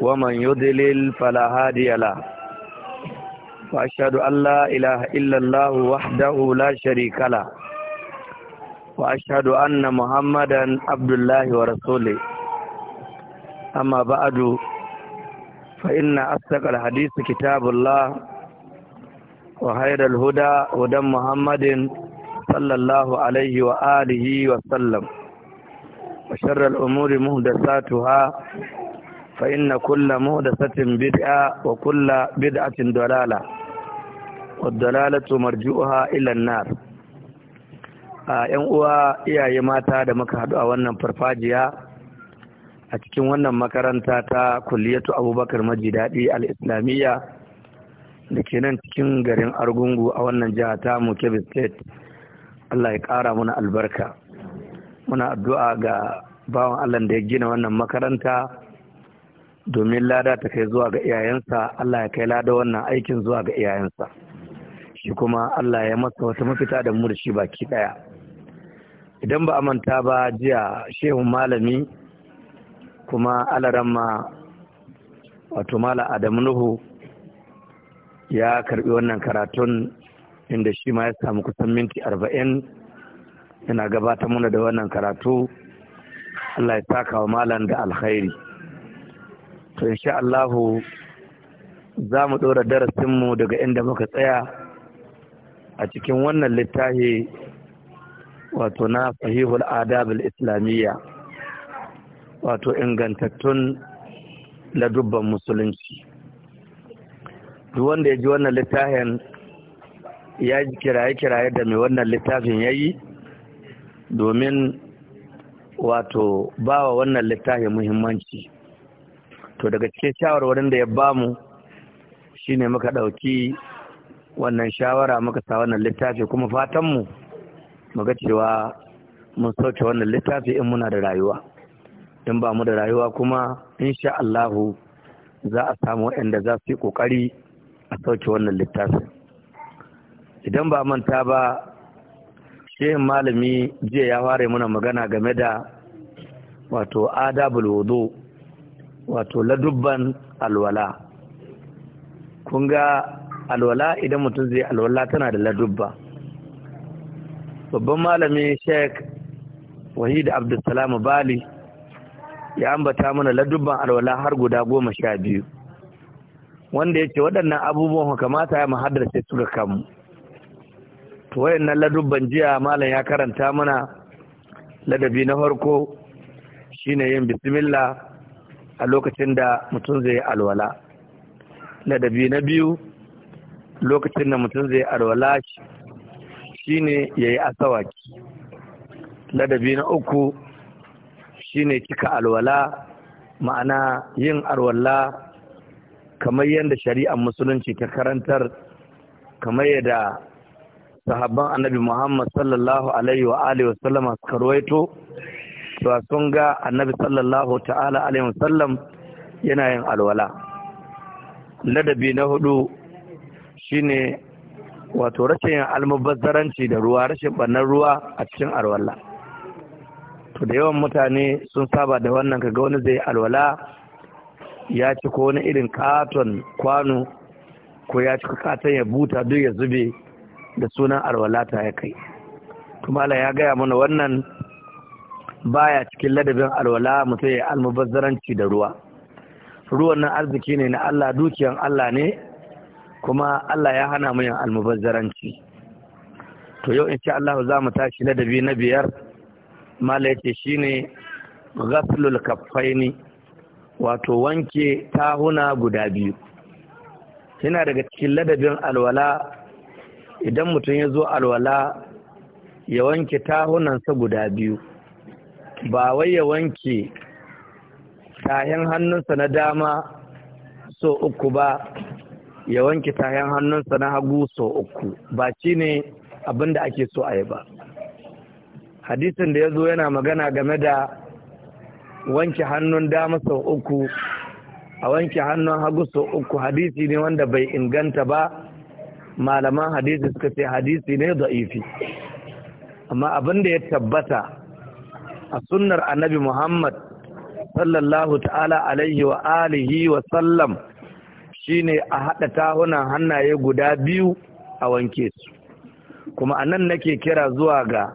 ومن يضلل فلا هادي له وأشهد أن لا إله إلا الله وحده لا شريك له وأشهد أن محمدا عبد الله ورسوله أما بعد فإن أصدق الحديث كتاب الله وخير الهدى هدى محمد صلى الله عليه وآله وسلم وشر الأمور مهدساتها فإن كل مهدسة بدعة وكل بدعة ضلالة والضلالة مرجوها إلى النار ‘yan uwa iyaye mata da muka haɗu a wannan farfajiya a cikin wannan makaranta ta kulliyatu abubakar majidaɗi Al'islamiyya. islamiyya da ke nan cikin garin argungu a wannan jiha ta mu kebbi state allah ya ƙara muna albarka muna addu'a ga bawan allah da ya gina wannan makaranta domin lada ta kai zuwa ga iyayensa Allah ya kai lada wannan aikin zuwa ga iyayensa shi kuma Allah ya masa wata mafita da murshi baki daya idan ba amanta ba jiya shehun malami kuma alaramma wato mala adamu nuhu ya karbi wannan karatun inda shi ma ya samu kusan minti arba'in yana gabatar mana da wannan karatu Allah ya saka wa malam da alkhairi to insha Allahu za mu ɗora darasinmu daga inda muka tsaya a cikin wannan littafi wato na sahihul adabul islamiyya wato ingantattun ladubban musulunci duk wanda ya ji wannan littafin ya ji kiraye-kiraye da mai wannan littafin ya yi domin wato ba wa wannan littafin muhimmanci to daga cikin shawarwarin da ya bamu shine muka ɗauki wannan shawara muka sa wannan littafi kuma fatanmu muga cewa mun sauke wannan littafi in muna da rayuwa in ba mu da rayuwa kuma insha Allahu za a samu waɗanda za su yi ƙoƙari a sauke wannan littafi idan ba manta ba shehin malami jiya ya ware muna magana game da wato adabul wudu wato ladubban alwala kun ga alwala idan mutum zai alwala tana da ladubba babban malami sheik wahid abdulsalam bali ya ambata mana ladubban alwala har guda goma sha biyu wanda ya ce waɗannan abubuwan kamata ya mahadarce su ga kanmu to wayannan ladubban jiya malam ya karanta mana ladabi na farko shine yin bismillah a lokacin da mutum zai alwala ladabi na biyu lokacin da mutum zai alwala shi ne ya yi asawaki ladabi na uku shi ne cika alwala ma'ana yin alwala kamar yadda shari'ar musulunci ta karantar kamar yadda sahabban annabi muhammad sallallahu alaihi wa alihi wasallama suka ruwaito cewa sun ga annabi sallallahu ta'ala alaihi wasallam yana yin alwala ladabi na hudu shine wato rashin yin almubazzaranci da ruwa rashin bannan ruwa a cikin alwala to da yawan mutane sun saba da wannan kaga wani zai alwala ya ci ko wani irin katon kwano ko ya ci katon ya buta duk ya zube da sunan alwala ta ya kai tumala ya gaya mana wannan baya cikin ladabin alwala mutum ya almubazzaranci da ruwa ruwan nan arziki ne na Allah dukiyan Allah ne kuma Allah ya hana mu yin almubazzaranci to yau insha Allah za mu tashi ladabi na biyar mala yace shine ghaslul kaffaini wato wanke tahuna guda biyu yana daga cikin ladabin alwala idan mutum ya zo alwala ya wanke tahunansa guda biyu ba wai ya wanke tahin hannunsa na dama so uku ba ya wanke tahin hannunsa na hagu so uku ba shi ne abinda ake so a yi ba hadisin da ya zo yana magana game da wanke hannun dama sau uku a wanke hannun hagu sau uku hadisi ne wanda bai inganta ba malaman hadisi suka ce hadisi ne za'ifi. amma abin da ya tabbata a sunnar annabi Muhammad sallallahu ta'ala alaihi wa alihi wa sallam shine a haɗa tahunan hannaye guda biyu a wanke su kuma anan nake kira zuwa ga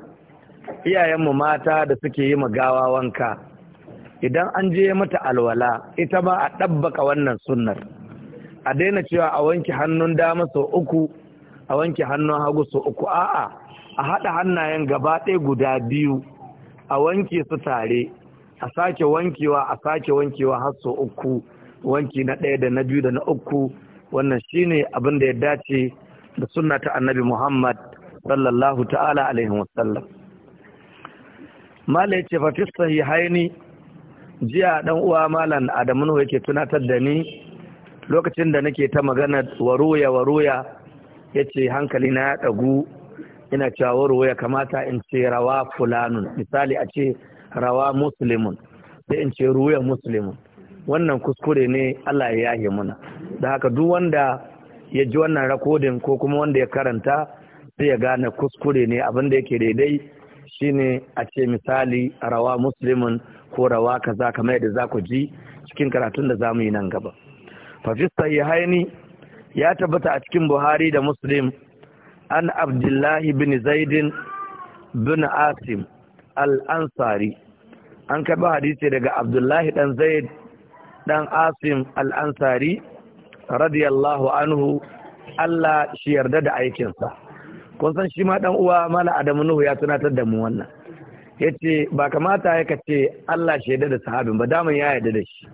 iyayenmu mata da suke yi magawa wanka idan an je mata alwala ita ma a ɗabbaka wannan sunnar a daina cewa a wanke hannun dama sau uku a wanke hannun hagu sau uku a'a a haɗa hannayen gaba ɗaya guda biyu a wanke su tare a sake wankewa a sake wankewa har sau uku wanki na ɗaya da na biyu da na uku wannan shine abin da ya dace da sunna ta annabi Muhammad sallallahu ta'ala alaihi wasallam mala yace fafista yi haini jiya ɗan uwa malam Adamu yake tunatar da ni lokacin da nake ta magana waroya-waroya, waruya ce hankali na ya ɗagu. ina cewa warwa ya kamata in ce rawa fulanun misali a ce rawa musulmin sai in ce ruwa musulmin wannan kuskure ne Allah ya yahe muna da haka duk wanda ya ji wannan rakodin ko kuma wanda ya karanta sai ya gane kuskure ne abin da yake daidai shine a ce misali rawa musulmin ko rawa kaza kamar yadda za ku ji cikin karatun da zamu yi nan gaba fafista ya haini ya tabbata a cikin Buhari da Muslim an abdullahi bin zaidin bin asim al'ansari an karɓi hadisi daga abdullahi ɗan zaid ɗan asim al'ansari radiyallahu anhu Allah shi yarda da aikinsa kun san shi ma ɗan uwa mala adamu nuhu ya tunatar da mu wannan ya ce ba kamata ya kace Allah shi yarda da sahabin ba Daman ya yarda da shi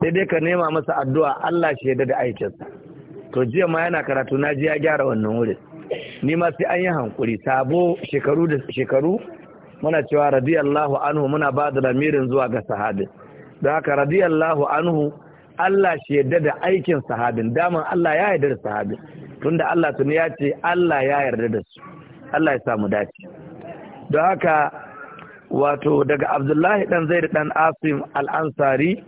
sai dai ka nema masa addu'a Allah shi yarda da aikinsa to jiya ma yana karatu na ji ya gyara wannan wurin ni ma sai an yi hankuri sabo shekaru da shekaru muna cewa radiyallahu anhu muna ba da lamirin zuwa ga sahabi don haka radiyallahu anhu Allah shi yadda da aikin sahabin daman Allah ya yarda da sahabi tunda Allah tuni ya ce Allah ya yarda da su Allah ya samu dace don haka wato daga Abdullahi dan Zaid dan Asim al-Ansari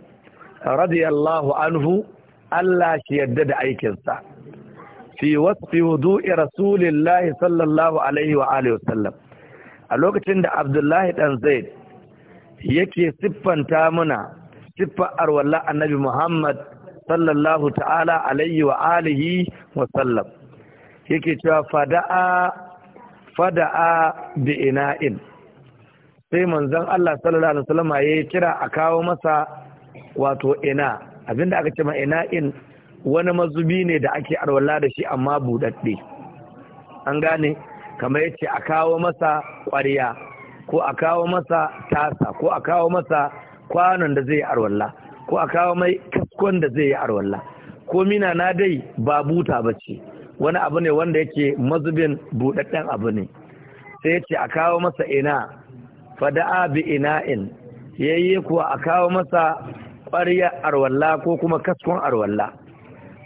radiyallahu anhu Allah shi yadda da aikinsa fi wasfi wudu'i rasulillahi sallallahu alaihi wa alihi wasallam a lokacin da abdullahi dan zaid yake siffanta muna siffa arwalla annabi muhammad sallallahu ta'ala alaihi wa alihi wasallam yake cewa fada'a fada'a bi ina'in sai manzon Allah sallallahu alaihi wasallam ya kira a kawo masa wato ina abinda aka ce ma ina'in wani mazubi ne da ake arwala da shi amma buɗaɗɗe an gane kamar yace a kawo masa ƙwarya ko a kawo masa tasa ko a kawo masa kwanon da zai yi arwala ko a kawo mai kaskon da zai yi arwalla ko mina na dai ba buta ba ce wani abu ne wanda yake mazubin buɗaɗɗen abu ne sai yace a kawo masa ina fada'a bi ina'in yayye kuwa a kawo masa ƙwarya arwala ko kuma kaskon arwala.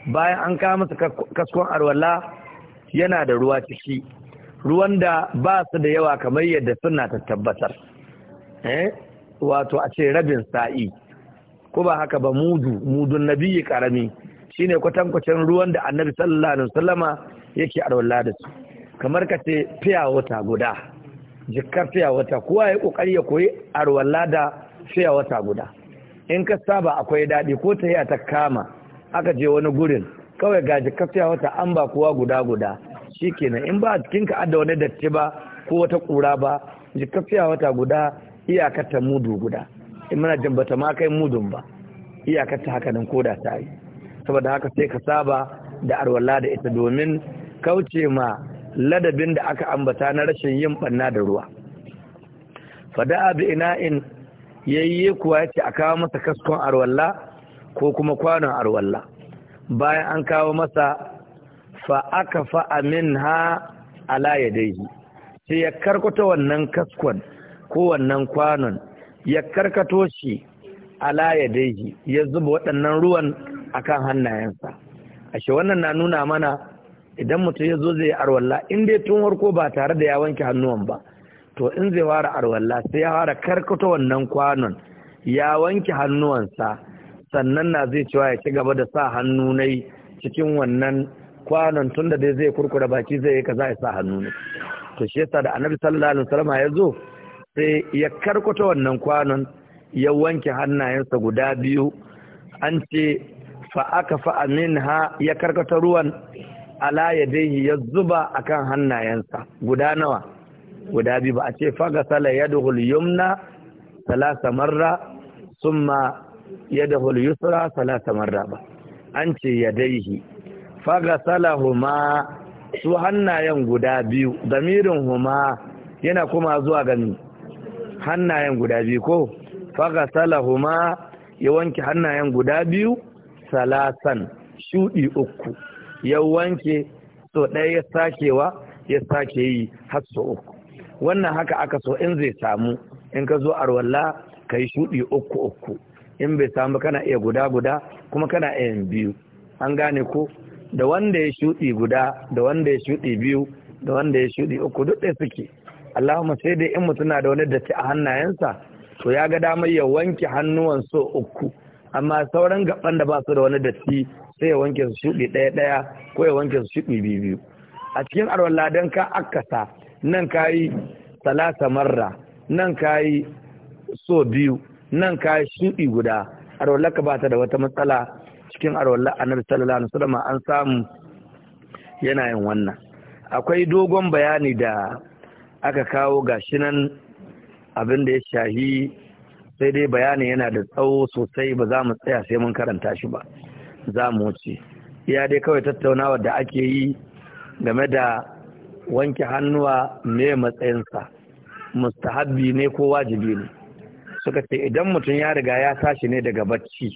bayan an kawo masa kaskon arwala yana da ruwa ciki ruwan da ba su da yawa kamar yadda suna ta tabbatar eh? wato a ce rabin sa'i ko ba haka ba mudu mudun nabiyyi karami shine kwatankwacin ruwan da annabi sallallahu alaihi yake arwala da su kamar ka ce fiya wata guda jikkar fiya wata kowa ya kokari ya koyi arwala da fiya wata guda in ka saba akwai daɗi ko ta yi a ta kama aka je wani gurin kawai gaji kafiya wata an ba kowa guda guda shikenan in ba a cikin ka adda wani datti ba ko wata kura ba ji kafiya wata guda iyakar mudu guda in mana jin bata ma kai mudun ba iyakar ta haka nan koda ta yi saboda haka sai ka saba da arwala da ita domin kauce ma ladabin da aka ambata na rashin yin banna da ruwa fada'a bi ina'in yayye kuwa yace a kawo masa kaskon arwalla ko kuma kwanon arwalla bayan an kawo masa fa aka fa'a min ha ala ya daihi sai ya karkata wannan kaskon ko wannan kwanon ya karkato shi ala ya daihi ya zuba waɗannan ruwan a kan hannayensa ashe wannan na nuna mana idan mutum ya zo zai arwalla in dai tun ko ba tare da ya wanke hannuwan ba to in zai fara arwalla sai ya fara karkata wannan kwanon ya wanke hannuwansa sannan na zai cewa ya ci gaba da sa hannu nai cikin wannan kwanon tun da dai zai kurkura baki zai yi kaza ya sa hannu ne to shi yasa da annabi sallallahu alaihi wasallam ya zo sai ya karkata wannan kwanon ya wanke hannayensa guda biyu an ce fa aka fa aminha ya karkata ruwan ala ya dai ya zuba akan hannayensa guda nawa guda biyu ba a ce fa fagasala yadul yumna salasa marra summa yadahu al-yusra salata marra ba an ce yadaihi huma su hannayen guda biyu damirin huma yana kuma zuwa gani hannayen guda biyu ko huma ya wanke hannayen guda biyu salasan shudi uku ya wanke so ɗaya ya sakewa ya sake yi har so uku wannan haka aka so in zai samu in ka zo arwalla ka yi shuɗi uku uku in bai samu kana iya guda guda kuma kana iya biyu an gane ko da wanda ya shuɗi guda da wanda ya shuɗi biyu da wanda ya shuɗi uku duk ɗaya suke Allahumma sai dai in mutum na da wani datti a hannayensa to ya ga damar ya wanke hannuwan so uku amma sauran gaban da ba su da wani datti sai ya wanke su shuɗi ɗaya ɗaya ko ya wanke su shuɗi biyu biyu a cikin arwalla don ka akasa nan ka yi salasa marra nan ka yi so biyu nan ka shuɗi guda arwallar ka bata da wata matsala cikin arwallar annabi sallallahu alaihi wasallam an samu yana yin wannan akwai dogon bayani da aka kawo ga shi nan abin da ya shahi sai dai bayani yana da tsawo sosai ba za mu tsaya sai mun karanta shi ba za mu wuce Ya dai kawai tattaunawa da ake yi game da wanke hannuwa me matsayinsa mustahabbi ne ko wajibi ne suka ce idan mutum ya riga ya tashi ne daga bacci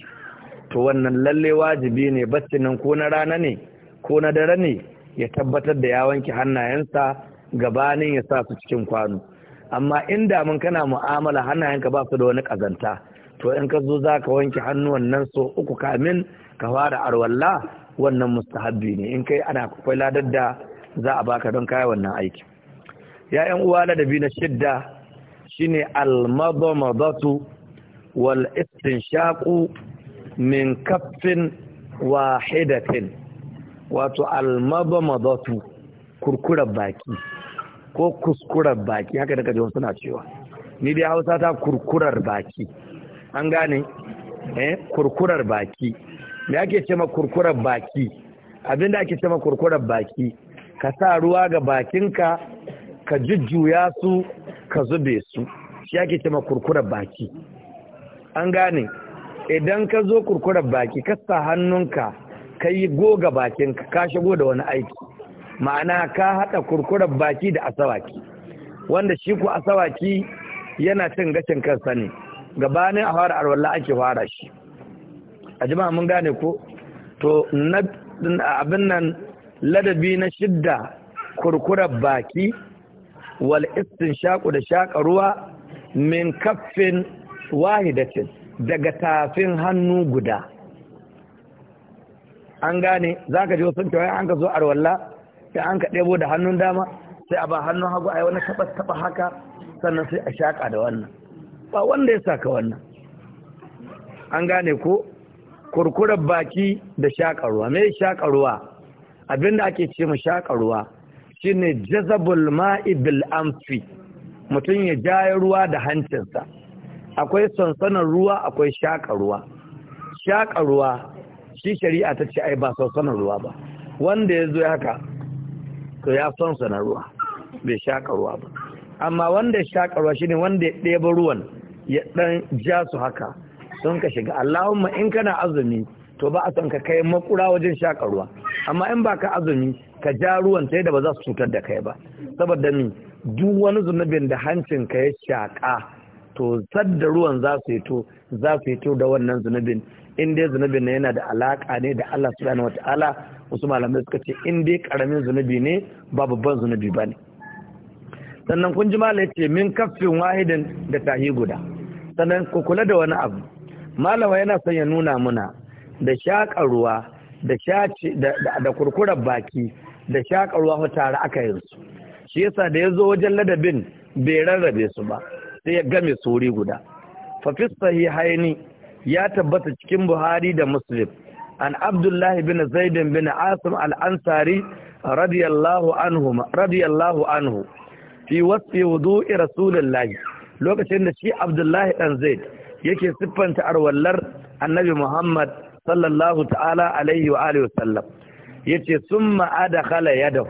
to wannan lalle wajibi ne bacci nan ko na rana ne ko na dare ne ya tabbatar da ya wanke hannayensa gabanin ya sa su cikin kwano amma in mun kana mu'amala hannayenka ba su da wani kazanta to in ka zo za ka wanke hannuwan nan so uku kamin ka fara arwalla wannan mustahabbi ne in kai ana kwakwai ladar da za a baka don kai wannan aiki Ya'yan uwa ladabi na shidda shine almadmadatu wal istinshaqu min kaffin wahidatin wato almadmadatu kurkurar baki ko kuskurar baki haka daga jiwon suna cewa ni dai hausa ta kurkurar baki an gane eh kurkurar baki me ake ce ma kurkurar baki abinda ake ce ma kurkurar baki ka sa ruwa ga bakinka ka jujjuya su ka zube su shi ake cema kurkurar baki an gane idan ka zo kurkurar baki ka sa hannunka ka yi goga bakinka ka shigo da wani aiki ma'ana ka haɗa kurkurar baki da asawaki wanda shi ku asawaki yana cin gashin kansa ne gabanin a fara arwalla ake fara shi a jima'a mun gane ko to abin nan ladabi na shidda kurkurar baki wal shaƙu da shaka ruwa min kaffin wahidatin daga tafin hannu guda an gane za ka ji wasu kawai an ka zo arwalla sai an ka ɗebo da hannun dama sai a ba hannun hagu a yi wani taɓa taɓa haka sannan sai a shaƙa da wannan ba wanda ya saka wannan an gane ko kurkurar baki da shaka ruwa me shaka ruwa abinda ake ce mu shaka ruwa shine jazabul ma'i bil amfi mutum ya jaye ruwa da hancinsa akwai sansanar ruwa akwai shaƙa ruwa shaƙa ruwa shi shari'a ta ce ai ba sansanar ruwa ba wanda ya zo haka to ya sansana ruwa bai shaƙa ruwa ba amma wanda ya shaƙa ruwa shine wanda ya ɗeba ruwan ya ɗan ja su haka sun ka shiga Allahumma in kana azumi to ba a son ka kai makura wajen shaƙa ruwa amma in ba ka azumi ka ja ruwan ta yadda ba za su cutar da kai ba saboda ni duk wani zunubin da hancin ka ya shaƙa to sadda ruwan za su to za su to da wannan zunubin in dai zunubin yana da alaka ne da Allah subhanahu wataala wasu malamai suka ce in dai karamin zunubi ne ba babban zunubi ba ne sannan kun ji malai ce min kaffin wahidin da tahi guda sannan ku kula da wani abu malama yana son ya nuna muna da shaƙa ruwa da da kurkurar baki da shakarwa fa tare aka yin su shi yasa da ya zo wajen ladabin bai rarrabe su ba sai ya game su guda fafis sahihaini ya tabbata cikin Buhari da Muslim an Abdullahi bin zaidin bin Asim al-Ansari radiyallahu anhu radiyallahu anhu fi wasfi wudu'i Rasulullahi lokacin da shi Abdullahi dan Zaid yake siffanta arwallar Annabi Muhammad sallallahu ta'ala alaihi wa alihi wa yace summa adkhala yadau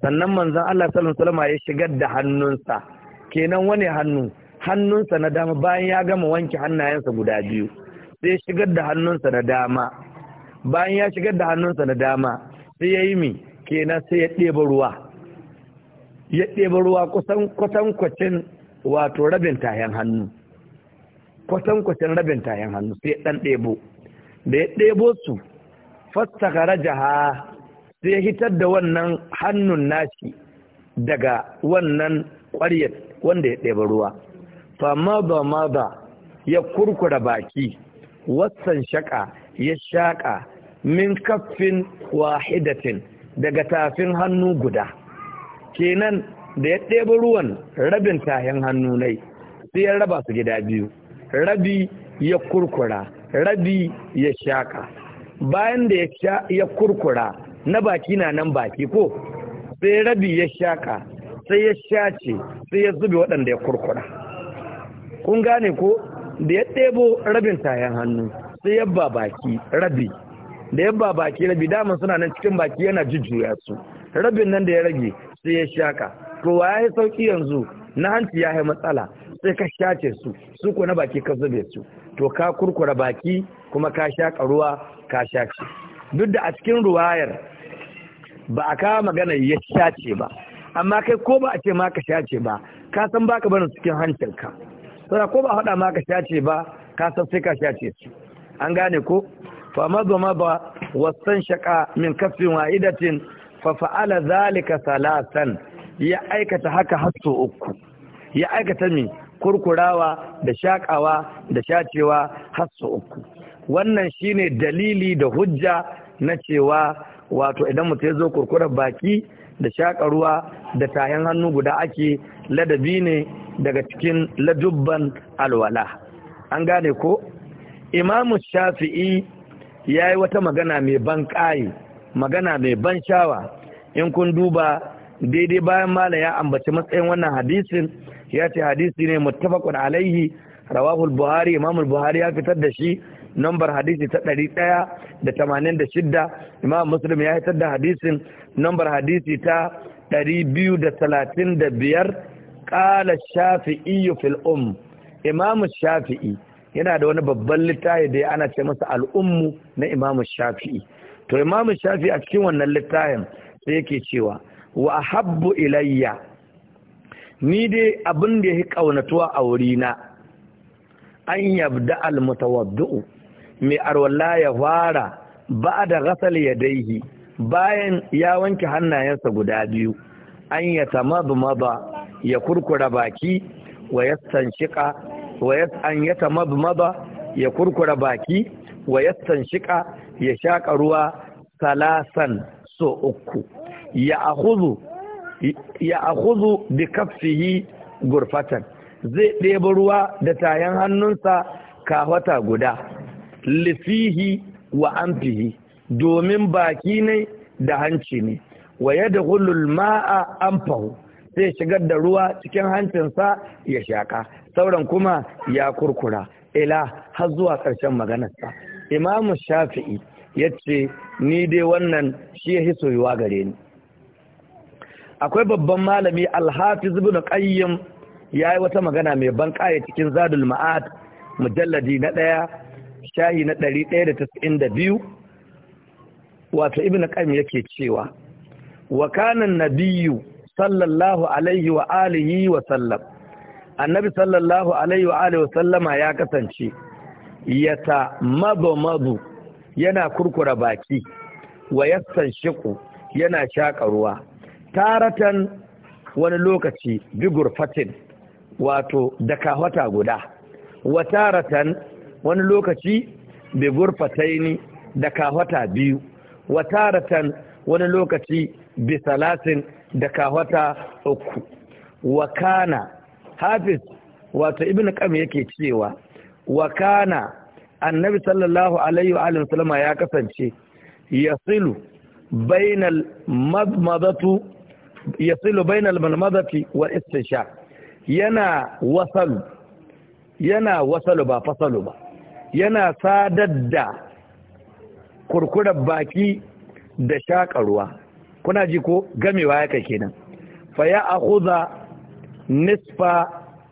sannan manzan Allah sallallahu ya shigar da hannunsa kenan wani hannu hannunsa na dama bayan ya gama wanke hannayensa guda biyu sai shigar da hannunsa na dama bayan ya shigar da hannunsa na dama sai ya yi mi kenan sai ya ɗeba ruwa ya ɗeba ruwa kusan kwacin wato rabin tayan hannu kwacin rabin tayan hannu sai ya ɗan ɗebo da ya ɗebo su rajaha sai hitar da wannan hannun nashi daga wannan ƙwaryar wanda ya ɗeba ruwa fama ba ma ya kurkura baki wasan shaƙa ya shaƙa min kaffin wahidatin daga tafin hannu guda kenan da ya ɗeba ruwan rabin tahin hannu nai sai ya raba su gida biyu rabi ya kurkura rabi ya shaƙa bayan da ya kurkura na baki na nan baki ko sai rabi ya shaka sai ya shace sai ya zube waɗanda ya kurkura kun gane ko da ya ɗebo rabin tayan hannu sai yabba baki rabi da yabba baki rabi daman suna nan cikin baki yana jujjuya su rabin nan da ya rage sai ya shaka to wa ya yi sauki yanzu na hanci ya yi matsala sai ka shace su su ko na baki ka zube su to ka kurkura baki kuma ka shaƙa ruwa ka sha ce, duk da a cikin ruwayar ba a kawo magana ya sha ce ba amma kai ko ba a ce ma ka sha ce ba ka san baka barin cikin hancinka saboda ko ba a faɗa ma ka sha ce ba ka san sai ka shace su an gane ko fa mazama ba wasan shaka min kafin wa'idatin fa fa'ala zalika salasan ya aikata haka hasso uku ya aikata min kurkurawa da shakawa da shacewa hasso uku wannan shine dalili da hujja na cewa wato idan mutum ya zo kurkurar baki da shaƙa ruwa da tayan hannu guda ake ladabi ne daga cikin ladubban alwala an gane ko imamu shafi'i ya yi wata magana mai ban ƙayi magana mai ban shawa in kun duba daidai bayan mala ya ambaci matsayin wannan hadisin ya ce hadisi ne muttafaqun alaihi rawahul buhari imamul buhari ya fitar da shi nambar hadisi ta ɗari ɗaya da tamanin da shidda imam muslim ya hitar da hadisin nambar hadisi ta ɗari biyu da talatin da biyar ƙala shafi'i fil um imam shafi'i yana da wani babban littafi da ya ana ce masa al'ummu na imam shafi'i to imam shafi'i a cikin wannan littafin sai yake cewa wa habbu ilayya ni dai abin da ya ƙaunatuwa a wurina an yabda almutawaddu'u mai arwalla ya fara ba da ya daihi bayan ya wanke hannayensa guda biyu an ya tamabmaba ya kurkura baki wa yastanshika wa an ya tamabmaba ya kurkura baki wa shiƙa ya ruwa salasan so uku ya akhudhu bi gurfatan zai ɗebo ruwa da tayan hannunsa kawata guda lifihi wa amfihi domin baki ne da hanci ne wa yadda hulul ma'a amfahu sai shigar da ruwa cikin hancinsa ya shaka sauran kuma ya kurkura ila har zuwa ƙarshen maganarsa imamu shafi'i ya ce ni dai wannan shi ya hisoyuwa gare ni akwai babban malami alhafiz ibn qayyim ya yi wata magana mai ban cikin zadul ma'ad mujalladi na ɗaya shayi na ɗari ɗaya da tasirin da biyu wato ibn qayyim yake cewa wa na nabiyyu sallallahu alaihi wa alihi wa sallam annabi sallallahu alaihi wa alihi wa sallama ya kasance yata mabu mabu yana kurkura baki wa yassan shiku yana shaƙa ruwa taratan wani lokaci bigur fatin wato da kawata guda wa taratan wani lokaci bi gurfataini da kahota biyu wa taratan wani lokaci bi salatin da kahota uku Wakana, hafiz wato ibnu qam yake cewa Wakana, annabi sallallahu alaihi wa sallam ya kasance yasilu bainal madmadatu yasilu bainal madmadati wa istisha yana yana wasalu ba fasalu ba yana sadar da kurkurar baki da shakarwa kuna ji ko gamewa yaka kenan fa ya akhudha nisfa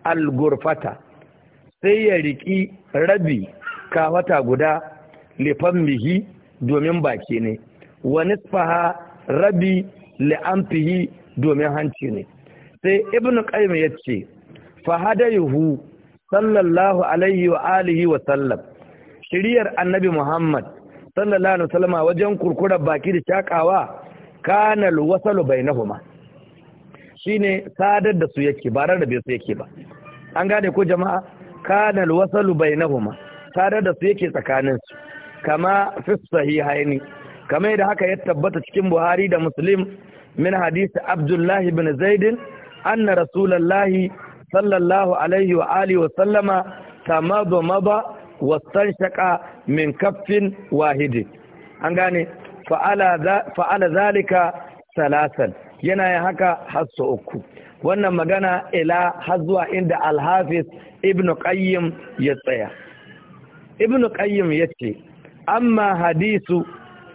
algurfata sai ya riki rabi kawata guda lifan mihi domin baki ne wa nisfaha rabi li'amfihi domin hanci ne sai ibn qayyim yace fa hadayhu sallallahu alaihi wa alihi wa sallam shiriyar annabi Muhammad sallallahu alaihi wasallama wajen kurkura baki da shakawa kanal wasalu bainahuma shine sadar da su yake ba rarrabe su yake ba an gane ko jama'a kanal wasalu bainahuma sadar da su yake tsakanin su kama fi sahihaini kama yadda haka ya tabbata cikin Buhari da Muslim min hadisi Abdullah ibn Zaid anna rasulullahi sallallahu alaihi wa alihi wa sallama tamadu maba wastanshaka min kaffin wahidin. an gane fa'ala zalika salasan yana yin haka har uku wannan magana ila har zuwa inda alhafiz ibn qayyim ya tsaya ibn qayyim ya ce amma hadisu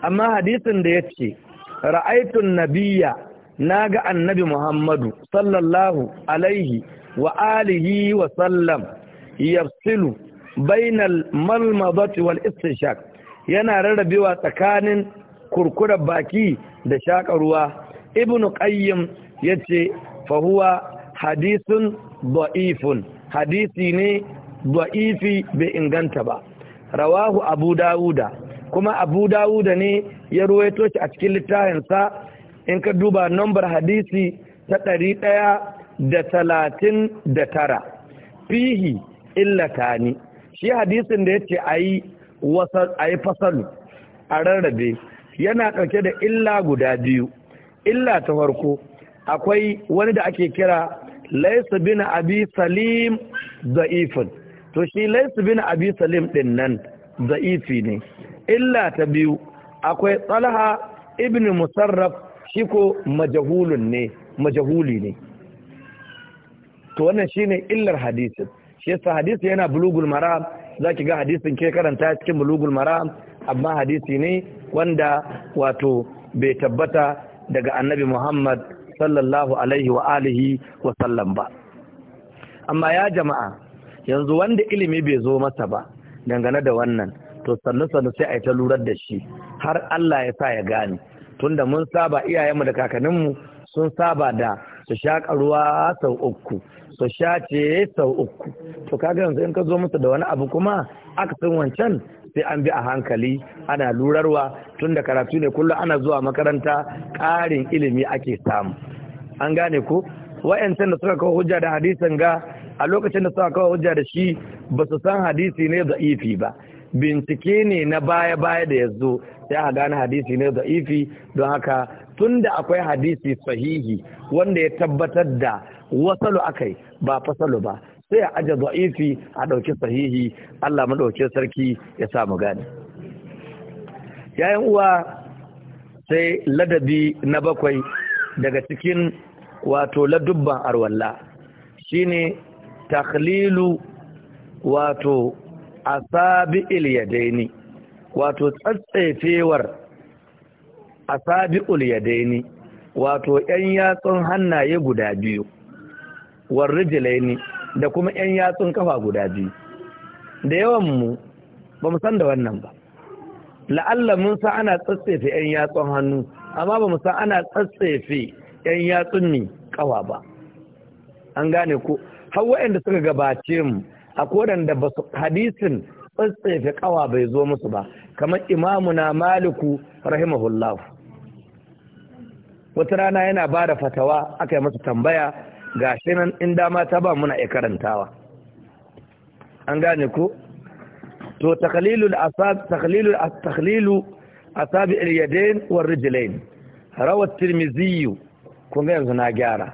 amma hadisin da ya ce ra'aitun nabiya na ga annabi muhammadu sallallahu alaihi wa alihi wa sallam yafsilu bainal malmadati wal istinshaq yana rarrabewa tsakanin kurkurar baki da shaka ruwa ibn qayyim yace fa huwa hadithun da'ifun hadisi ne da'ifi bai inganta ba rawahu abu dawuda kuma abu dawuda ne ya ruwaito shi a cikin littafinsa in ka duba number hadisi ta ɗari ɗaya da talatin da tara fihi illatani shi hadisin da ya ce a yi fasalu a rarrabe yana ɗauke da illa guda biyu illa ta farko akwai wani da ake kira laisa bin abi salim za'ifin to shi laisa bin abi salim ɗin nan za'ifi ne illa ta biyu akwai tsalaha, ibn musarraf shi ko ne majahuli ne to wannan shine illar hadisin shi yasa hadisi yana bulugul maram ki ga hadisin ke karanta cikin bulugul maram amma hadisi ne wanda wato bai tabbata daga annabi Muhammad sallallahu alaihi wa alihi wa sallam ba amma ya jama'a yanzu wanda ilimi bai zo masa ba dangane da wannan to sannu sannu sai a yi ta lurar da shi har Allah ya sa ya gane tunda mun saba iyayenmu da kakanninmu sun saba da su shaƙa ruwa sau uku su ce sau uku to kaga yanzu in ka zo musu da wani abu kuma aka san wancan sai an bi a hankali ana lurarwa tun da karatu ne kullum ana zuwa makaranta ƙarin ilimi ake samu an gane ko wa'yancan da suka kawo hujja da hadisin ga a lokacin da suka kawo hujja da shi ba su san hadisi ne da ifi ba bincike ne na baya-baya da ya zo sai a gane hadisi ne da ifi don haka tun da akwai hadisi sahihi wanda ya tabbatar da wasalu akai ba fasalu ba sai a aje da'ifi a ɗauki sahihi Allah maɗauki sarki ya sa mu gane yayin uwa sai ladabi na bakwai daga cikin wato ladubban arwalla shine taklilu wato asabi'il ilyadaini wato tsatsefewar asabi'ul yadaini wato 'yan yatsun hannaye guda biyu Warri warrijilaini da kuma yan yatsun kafa guda biyu da yawan mu ba san da wannan ba la'alla mun san ana tsatsefe yan yatsun hannu amma ba san ana tsatsefe yan yatsun ne kawa ba an gane ko har waɗanda suka gabace mu a waɗanda ba su hadisin tsatsefe kawa bai zo musu ba kamar imamuna maliku rahimahullahu wata rana yana ba da fatawa aka yi masa tambaya ga shi nan in dama ta ba muna iya karantawa an gane ku? to takhlilul asab asabi al-yadayn war rijlayn rawa tirmidhi ga yanzu na gyara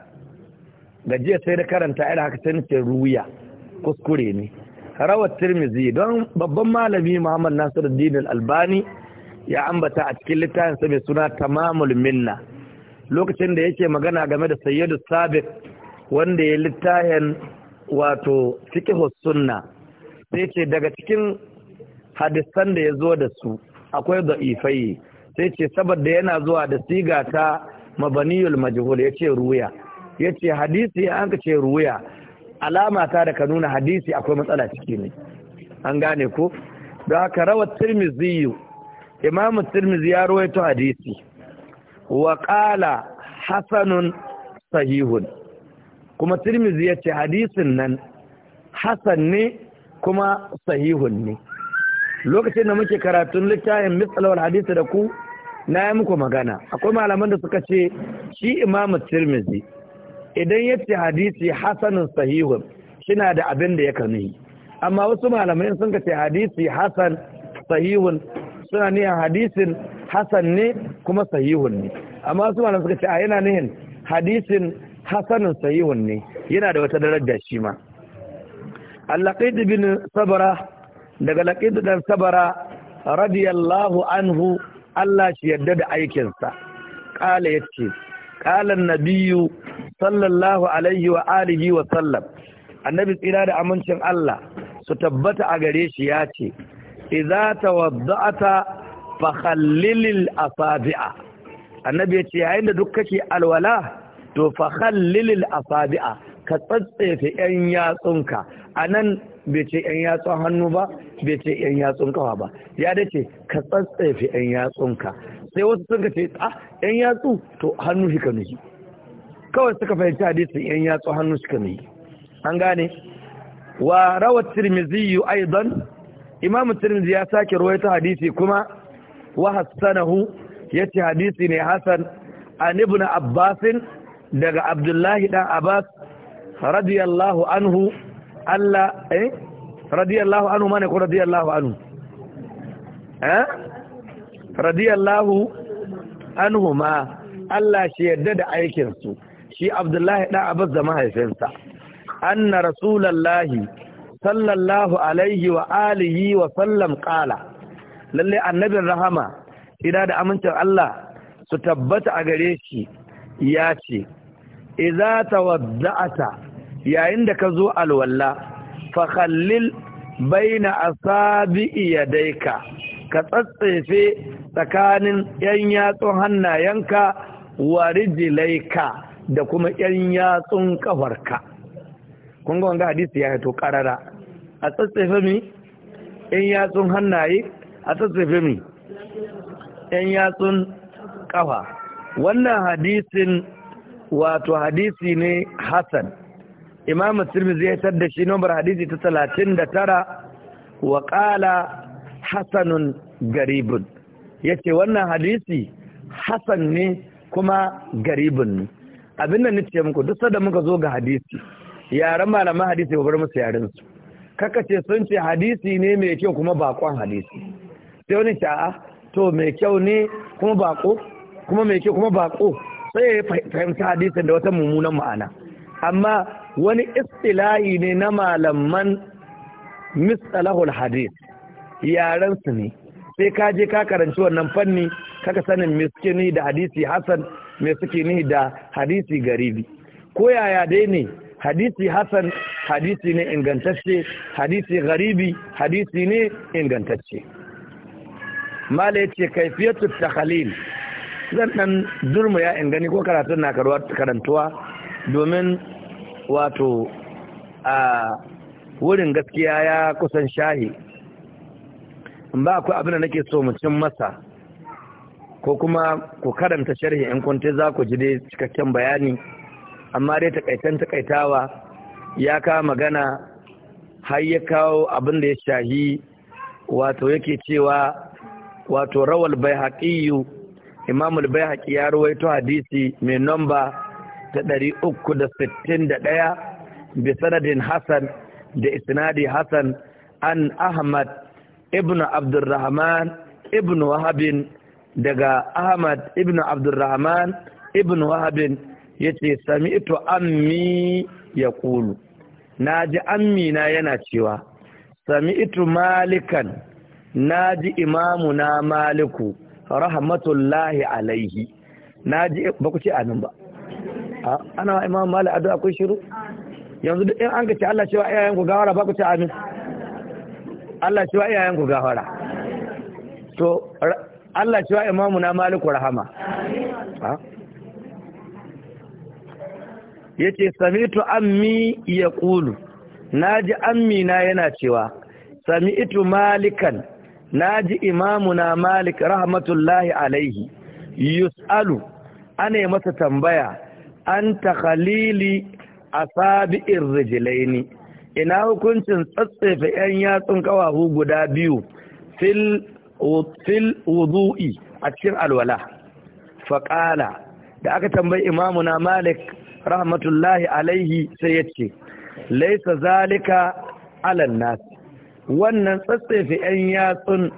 gajiya sai da karanta irin haka sai nace ruya kuskure ne Rawar tirmizi don babban malami Muhammad Nasiruddin albani ya ambata a cikin littafin sa mai suna Tamamul Minna lokacin da yake magana game da Sayyidu Sabiq wanda ya littahin wato cikin sunna sai ce daga cikin hadisan da ya zo da su akwai da'ifai sai ce saboda yana zuwa da siga ta mabaniyul majhul yace ruya ce hadisi an ka ce ruya alama ta da ka nuna hadisi akwai matsala ciki ne an gane ko da haka rawar tirmizi imamu tirmizi ya rawaito hadisi wa qala hasanun sahihun kuma tirmizi ya ce hadisin nan hasan ne kuma sahihun ne lokacin da muke karatun littafin misalawar hadisi da ku na yi muku magana akwai malaman da suka ce shi imamu tirmizi idan ya ce hadisi hasanin sahihun shina da abin da ya kanu amma wasu malamai sun ka ce hadisi hasan sahihun suna niyan hadisin hasan ne kuma sahihun ne amma wasu malamai suka ce a yana nihin hadisin hasanin sahihun ne yana da wata daraja shi ma al-laqid bin sabara daga laqid dan sabara radiyallahu anhu Allah shi yadda da aikinsa ƙala ya ce ƙalan nabiyu sallallahu alaihi wa alihi wa sallam annabi tsira da amincin Allah su tabbata a gare shi ya ce idza tawadda'ata fa khallilil asabi'a annabi ya ce yayin da duk kake alwala to fa khallilil asabi'a ka tsatsefe yan yatsunka anan bai ce yan yatsun hannu ba bai ce yan yatsun kawa ba ya dace ka tsatsefe yan yatsunka sai wasu sun ce ah yan yatsu to hannu shi ka nuhi kawai suka fahimci hadisi yan yatsu hannu shi ka nuhi an gane wa rawat tirmidhi aidan imam tirmizi ya sake ruwaita hadisi kuma wa hasanahu yace hadisi ne hasan an ibn abbasin daga abdullahi dan abbas radiyallahu anhu Allah eh radiyallahu anhu mane ko radiyallahu anhu eh radiyallahu anhu ma Allah shi yadda da aikin su shi Abdullahi dan Abbas da mahaifinsa anna rasulullahi sallallahu alaihi wa alihi wa sallam qala lalle annabin rahama ida da amincin Allah su tabbata a gare shi ya ce idza tawadda'ata yayin da ka zo alwalla fa khallil baina asabi'i yadayka ka tsatsefe tsakanin yan yatsun hannayenka wa rijlaika da kuma yan yatsun kafarka kun ga wanga hadisi ya to karara a tsatsefe mi yan yatsun hannaye a tsatsefe mi yan yatsun kafa wannan hadisin wato hadisi ne Hassan, imam tirmidhi ya tar da shi nomar hadisi ta talatin da tara wa ƙala Hassanun garibun ya ce wannan hadisi Hassan ne kuma garibun ne abin da nace muku duk sada muka zo ga hadisi yaren malaman hadisi ba bar musu yaren su kaka ce sun ce hadisi ne mai kyau kuma bakon hadisi sai wani ce a'a to mai kyau ne kuma bako kuma mai kyau kuma bako sai ya fahimci hadisin da wata mummunan ma'ana amma wani istilahi ne na malaman mistalahul hadis yaren su ne sai ka je ka karanci wannan fanni kaka sanin miskini da hadisi hasan me suke ni da hadisi garibi ko yaya dai ne hadisi hasan hadisi ne ingantacce hadisi garibi hadisi ne ingantacce mala yace kaifiyatu takhalil zan dan ya in gani ko karatun na karantuwa domin wato a wurin gaskiya ya kusan shahi ba ku abin da nake so mu cin masa ko kuma ku karanta sharhi in kunta za ku ji dai cikakken bayani amma dai takaitan takaitawa ya ka magana har ya kawo abin da ya shahi wato yake cewa wato rawal bai haƙiyu Imam al-Baihaqi ya rawaito hadisi mai namba ta 361 bi sanadin Hasan da isnadi Hasan an Ahmad ibn Abdurrahman ibn Wahab daga Ahmad ibn Abdurrahman ibn Wahab yace sami'tu ammi yaqulu naji ammi na yana cewa sami'tu malikan naji imamuna maliku rahmatullahi alaihi na ji ba ku ce amin ba ana wa imam mali addu'a akwai shiru yanzu duk in an ga ce Allah cewa iyayen ku gawara ba ku ce amin Allah cewa iyayen ku gawara to Allah cewa imamu na maliku rahama yace sami'tu ammi yaqulu naji ammi na yana cewa sami itu malikan naji imamuna malik rahmatullahi alaihi yus'alu ana masa tambaya an ta khalili asabi'ir rijlaini ina hukuncin tsatsefe yan yatsun kawahu guda biyu fil fil wudu'i a cikin alwala Faƙala. da aka tambayi imamuna malik rahmatullahi alaihi sai yace Laisa zalika alan nas wannan tsatsefe 'yan yatsun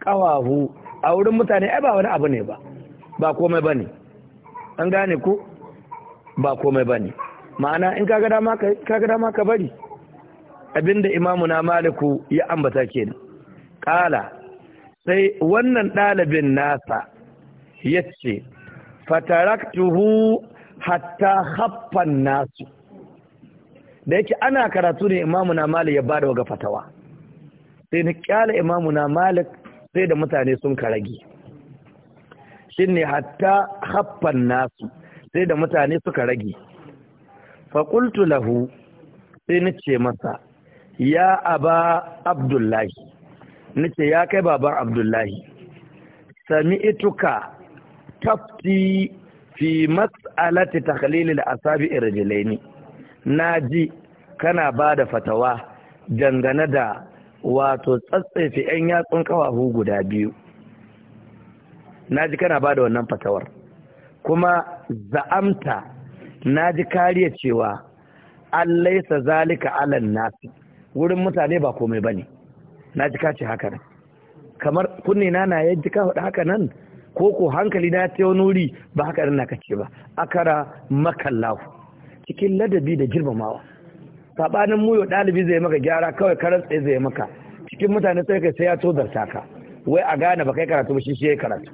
ƙawahu a wurin mutane ai ba wani abu ne ba ba komai ba ne an gane ku ba komai ba ne ma'ana in kaga dama ka bari abinda Imamu na maliku ya ambata kenan ƙala sai wannan ɗalibin nasa ya ce fataraktuhu hatta haffan nasu da yake ana karatu ne Imamu na mali ya bada waga fatawa sai na kyala imamuna malik sai da mutane sun karage shin ne hatta haffan nasu sai da mutane suka rage faƙultu lahu sai na ce masa ya aba abdullahi na ce ya kai baban abdullahi sami ituka tafti fi mas'alati takhlilil asabi Na naji kana ba da fatawa dangane da wato tsatsaifi 'yan yatsun kafafu guda biyu na ji kana ba da wannan fatawar kuma za'amta na ji kariya cewa an laisa zalika alan nasi wurin mutane ba komai ba ne na ji kace haka nan kamar kunne na na yadda ka faɗi haka nan ko ko hankali na ta wuri ba haka nan na kace ba akara makallahu cikin ladabi da girmamawa sabanin muyo dalibi zai maka gyara kawai karan tsaye zai maka cikin mutane sai kai sai ya to zarta ka wai a gane ba kai karatu ba shi shi ya karatu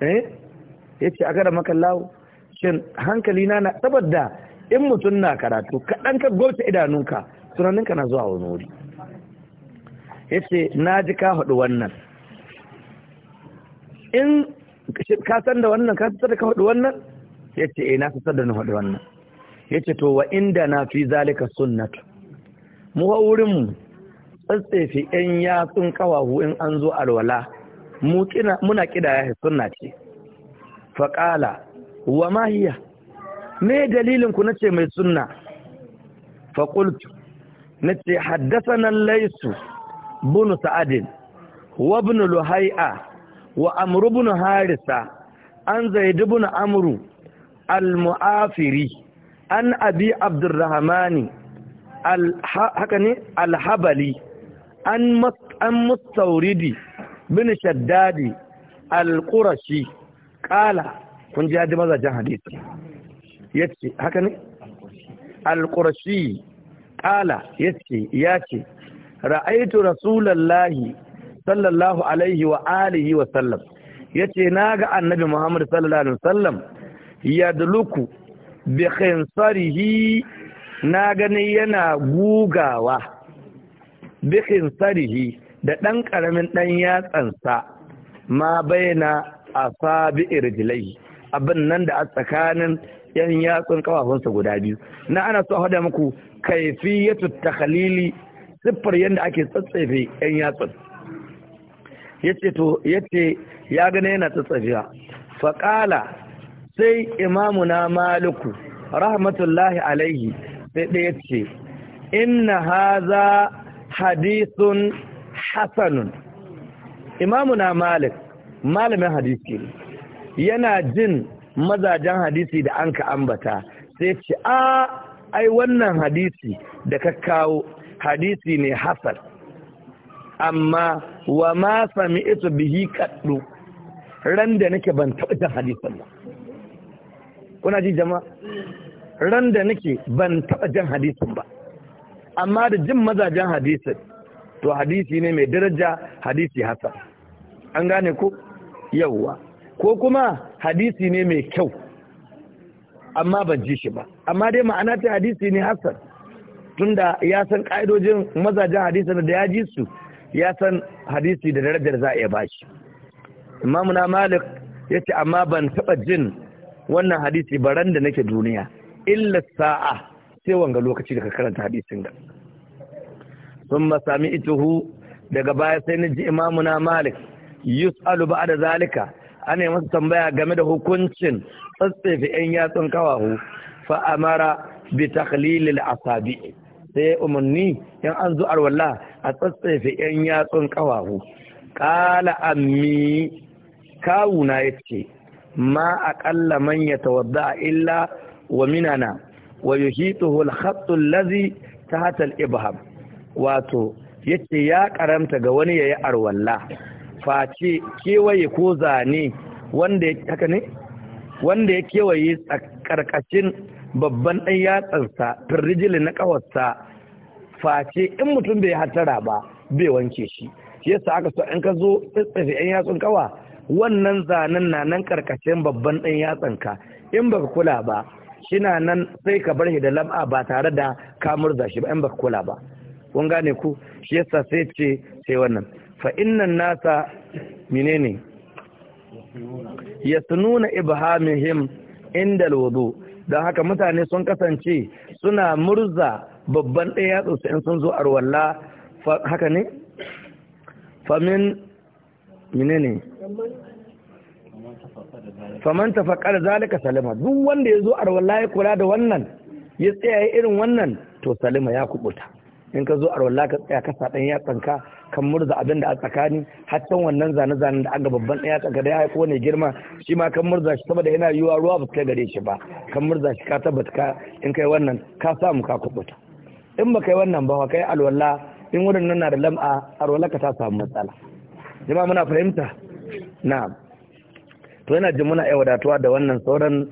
eh yace a gara maka lawo shin hankali na saboda in mutum na karatu kaɗan ka gwamta idanunka tunaninka na zuwa wani wuri yace na ji ka haɗu wannan in ka san da wannan ka san da ka haɗu wannan yace eh na san da na haɗu wannan Ya ce to wa inda na fi zalika sunnatu mu wa wurin mu tsatsefe yan yatsun kawahu in an zo alwala muna muna fi sunna ce faƙala wa mahiya. me dalilin ku ce mai sunna Faƙultu, qultu haddasa nan laisu bunu sa'adin wa bunu luhai'a wa amru bunu harisa an zaid ibn amru al-mu'afiri an abi abdurrahmani haka ne alhabali an mustauridi bin shaddadi alƙurashi ƙala kun ji hadi mazajen hadisi ya ce haka ne alƙurashi ƙala ya ce ya ce ra'aitu rasulallahi sallallahu alaihi wa alihi wa sallam ya ce na ga annabi muhammadu sallallahu alaihi wa sallam ya duluku Bikin khinsarihi na gani yana gugawa Bikin khinsarihi da ɗan ƙaramin ɗan yatsansa ma bayyana a sabi irjilai abin nan da a tsakanin yan yatsun kafafunsa guda biyu na ana so hada muku tutta khalili. siffar yadda ake tsatsafe yan yatsun Ya to ya gane yana tsatsafewa faƙala. sai imamuna maluku rahmatullahi alaihi sai ɗaya ce inna haza hadisun hasanun imamuna malik malamin hadisi yana jin mazajen hadisi da an ka ambata sai ce a ai wannan hadisi da ka kawo hadisi ne hasan amma wa ma sami ito bihi kaɗu ran da nake ban taɓa jan hadisin ba kuna ji jama'a ran da nake ban taɓa jan hadisin ba amma da jin mazajen hadisin to hadisi ne mai daraja hadisi hasan an gane ko yawwa ko kuma hadisi ne mai kyau amma ban ji shi ba amma dai ma'ana ta hadisi ne hasan tunda ya san ka'idojin mazajen hadisin da ya ji su ya san hadisi da darajar za a iya bashi imamuna malik ya ce amma ban taɓa jin wannan hadisi baran da nake duniya illa sa'a sai wanga lokaci da ka karanta hadisin da sun masami ituhu daga baya sai na ji imamuna malik yus'alu ba da zalika an ana masa tambaya game da hukuncin tsatsefe yan yatsun kawahu fa amara bi taqlilil asabi sai umarni yan an zu'ar walla a tsatsefe yan yatsun kawahu qala ammi kawuna yace ma aqalla man yatawadda illa wa minana wa yuhituhu al-khatt allazi wato yace ya ƙaranta ga wani yayi arwalla face kewaye ko zane wanda haka ne wanda ya kewaye karkashin babban ɗan yatsarsa firrijili na ƙawarsa face in mutum bai hatara ba bai wanke shi yasa aka so in ka zo tsitsafe ɗan yatsun ƙawa wannan zanen na nan karkashin babban ɗan yatsanka in baka kula ba shina nan sai ka bar shi da lam'a ba tare da ka murza shi ba in baka kula ba kun gane ku shi yasa sai ce sai wannan fa innan nasa menene sununa ibhamihim inda alwudu don haka mutane sun kasance suna murza babban ɗaya yatsu in sun zo arwalla haka ne min menene faman faƙar zalika salima duk wanda ya zo arwala ya kula da wannan ya tsaya ya irin wannan to salima ya kubuta in ka zo arwala ka tsaya ka sadan ya tsanka kan murza abin da a tsakani hatta wannan zane zane da aga babban ɗaya tsaka da ya haiko ne girma shi ma kan murza shi saboda yana yiwuwa ruwa ba kai gare shi ba kan murza shi ka tabbata ka in kai wannan ka samu ka kubuta in ba kai wannan ba kai Alwalla, in wurin nan na da lam'a Alwalla ka ta samu matsala jama'a muna fahimta na'am to yana jin muna wadatuwa da wannan sauran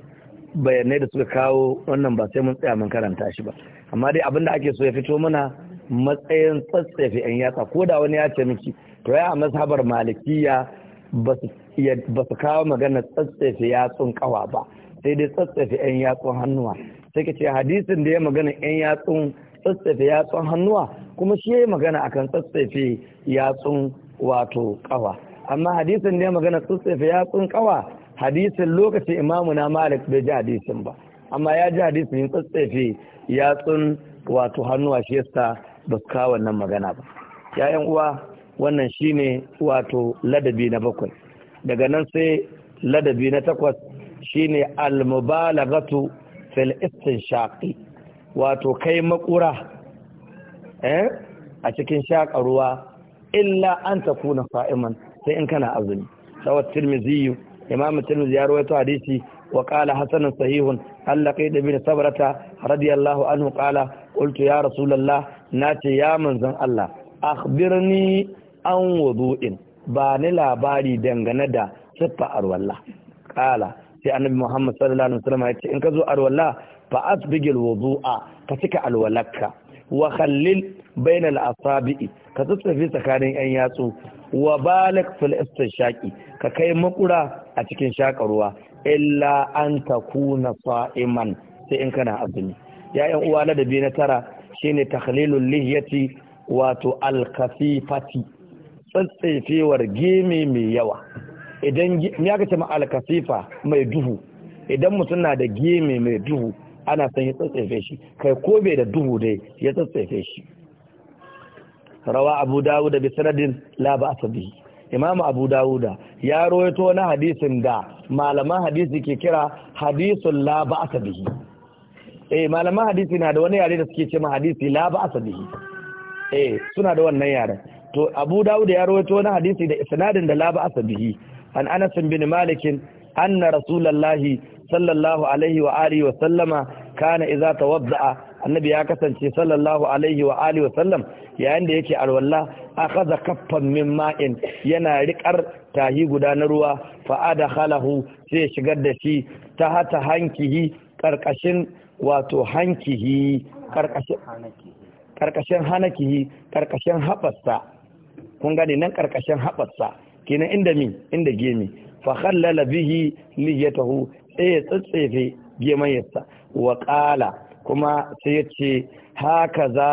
bayanai da suka kawo wannan ba sai mun tsaya mun karanta shi ba amma dai abin da ake so ya fito mana matsayin tsatsefe yan yatsa ko da wani ya ce miki to ya a mazhabar malikiya ba su kawo magana tsatsefe yatsun kawa ba sai dai tsatsefe yan yatsun hannuwa sai ka ce hadisin da ya magana yan yatsun tsatsefe yatsun hannuwa kuma shi ya yi magana akan tsatsefe yatsun wato kawa amma hadisin ne magana tsutsefe ya kawa hadisin lokacin imamu na malik bai ji hadisin ba amma ya ji hadisin tsutsefe ya tsun wato hannuwa shi yasta ba su kawo wannan magana ba yayan uwa wannan shine wato ladabi na bakwai daga nan sai ladabi na takwas shine almubalagatu fil istinshaqi wato kai makura eh, a cikin shaƙa ruwa illa an takuna fa'iman sai in kana azumi sawat tirmizi imam tirmizi ya rawaito hadisi wa qala hasan sahihun alla qaida bin sabrata radiyallahu anhu qala qultu ya rasulullah nace ya manzon Allah akhbirni an wudu'in ba ni labari dangane da siffa arwalla qala sai annabi muhammad sallallahu alaihi wasallam ya ce in ka zo arwalla fa asbigil wudu'a ka cika alwalakka wa khallil bainal asabi'i ka tsatsafe tsakanin yan yatsu wa balak fil ka kai makura a cikin shakarwa illa an takuna sa'iman sai in kana azumi ya yan uwa ladabi na tara shine takhlilul lihiyati wato alkasifati tsatsafewar gemi mai yawa idan ya kace ma alkasifa mai duhu idan mutum na da gemi mai duhu ana son ya shi kai ko bai da duhu dai ya tsatsefe shi rawa abu dawuda bi sanadin la ta bi imam abu dawuda ya rawaito wani hadisin da malaman hadisi ke kira hadisun la ta bi eh malaman hadisi na da wani yare da suke ce ma hadisi la ta bi eh suna da wannan yaren to abu dawuda ya rawaito wani hadisi da sanadin da la ta bi an anas bin malik anna rasulullahi sallallahu alaihi wa alihi wa sallama kana idza tawadda annabi ya kasance sallallahu alaihi wa alihi wa sallam yayin da yake alwalla akhadha kaffan min ma'in yana riƙar tahi guda na ruwa fa adakhalahu sai shigar da shi ta hata hankihi karkashin wato hankihi karkashin karkashin hanakihi karkashin haɓarsa kun gani nan karkashin haɓarsa kenan inda mi inda gemi fa khallala bihi liyatahu sai ya tsatsefe gemayarsa wa qala kuma sai ya ce haka za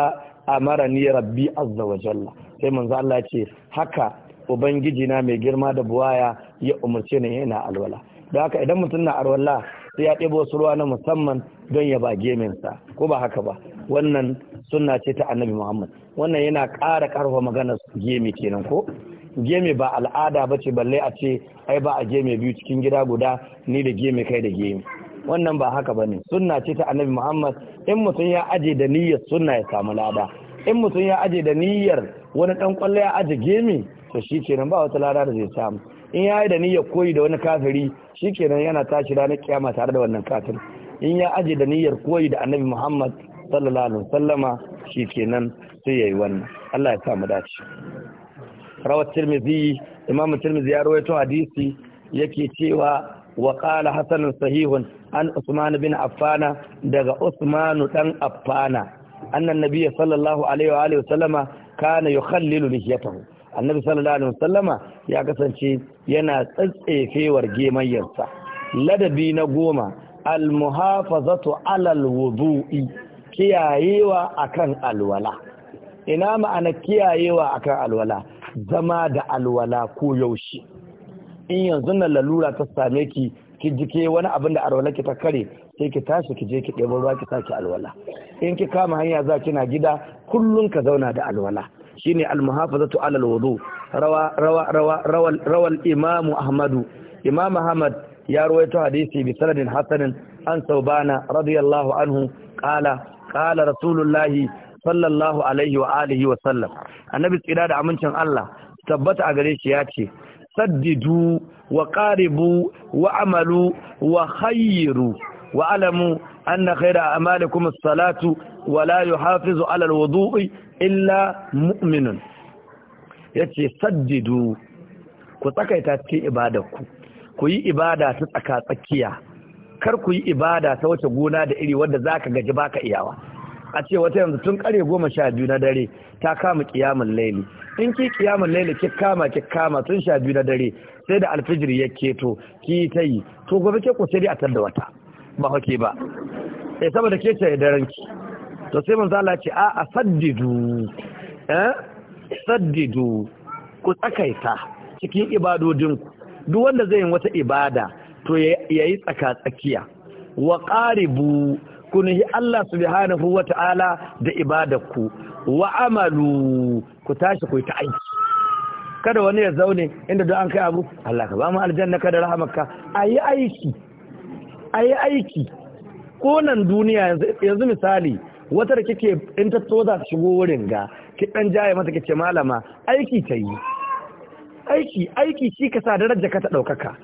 amarani rabbi azza wa jalla sai manzo Allah ce haka ubangiji na mai girma da buwaya ya umarce ni yana alwala da haka idan mutum na alwala sai ya ɗebo wasu ruwa na musamman don ya ba geminsa ko ba haka ba wannan sunna ce ta annabi muhammad wannan yana ƙara ƙarfa magana gemi kenan ko gemi ba al'ada ba ce balle a ce ai ba a gemi biyu cikin gida guda ni da gemi kai da gemi wannan ba haka ba ne sunna ce ta annabi muhammad in mutum ya aje da niyyar sunna ya samu lada in mutum ya aje da niyyar wani ɗan kwallo ya aje gemi to shikenan ba wata lada da zai samu in ya yi da niyyar koyi da wani kafiri shi shikenan yana tashi ranar kiyama tare da wannan kafir in ya aje da niyyar koyi da annabi muhammad sallallahu alaihi wasallama shikenan sai yi wannan Allah ya samu dace rawat tirmidhi imam Tirmizi ya rawaito hadisi yake cewa wa qala hasanun sahihun an usman bin affana daga usmanu dan affana annan nabiy sallallahu alaihi wa alihi wasallama kana yukhallilu lihiyatahu annabi sallallahu alaihi wasallama ya kasance yana tsatsefewar gemayyarsa ladabi na goma almuhafazatu alal wudu'i kiyayewa akan alwala ina ma'ana kiyayewa akan alwala zama da alwala ko yaushe in yanzu nan lalura ta same ki ki jike wani abin da alwala ki ta kare sai ki tashi ki je ki ɗebo ruwa ki saki alwala in ki kama hanya za kina gida kullum ka zauna da alwala shine almuhafazatu alal wudu rawa rawa rawa rawal rawal imamu ahmadu imam ahmad ya rawaito hadisi bi sanadin hasanin an saubana radiyallahu anhu qala qala rasulullahi sallallahu alaihi wa alihi wa sallam annabi tsira da amincin Allah tabbata a gare shi ya ce saddidu wa qaribu wa amalu wa khayru wa'alamu anna khaira amalikum as-salatu wa la yuhafizu ala illa mu'minun yace saddidu ku tsakaita cikin ibadarku ku yi ibada ta tsaka tsakiya kar ku yi ibada ta wace gona da iri wadda zaka gaji baka iyawa a ce wata yanzu tun kare goma sha biyu na dare ta kama kiyamun laili in ki kiyamun laili ki kama ki kama tun sha biyu na dare sai da alfijir ya keto ki ta yi to gobe ke ku sai a tar da wata ba hake ba eh saboda ke ce da ranki to sai manzo Allah ce a asaddidu eh saddidu ku tsakaita cikin ibadodinku duk wanda zai yin wata ibada to yayi tsaka tsakiya wa qaribu kunhi Allah subhanahu wata'ala da ibadarku wa amalu ku tashi ku ta aiki kada wani ya zaune inda duk an kai abu Allah ka ba mu aljanna ka da rahamarka ayi aiki a yi aiki ko nan duniya yanzu misali wata da kike in ta toza ta shigo wurin ga ki dan jaye mata kike malama aiki ta yi aiki aiki shi ka sa daraja ka ta daukaka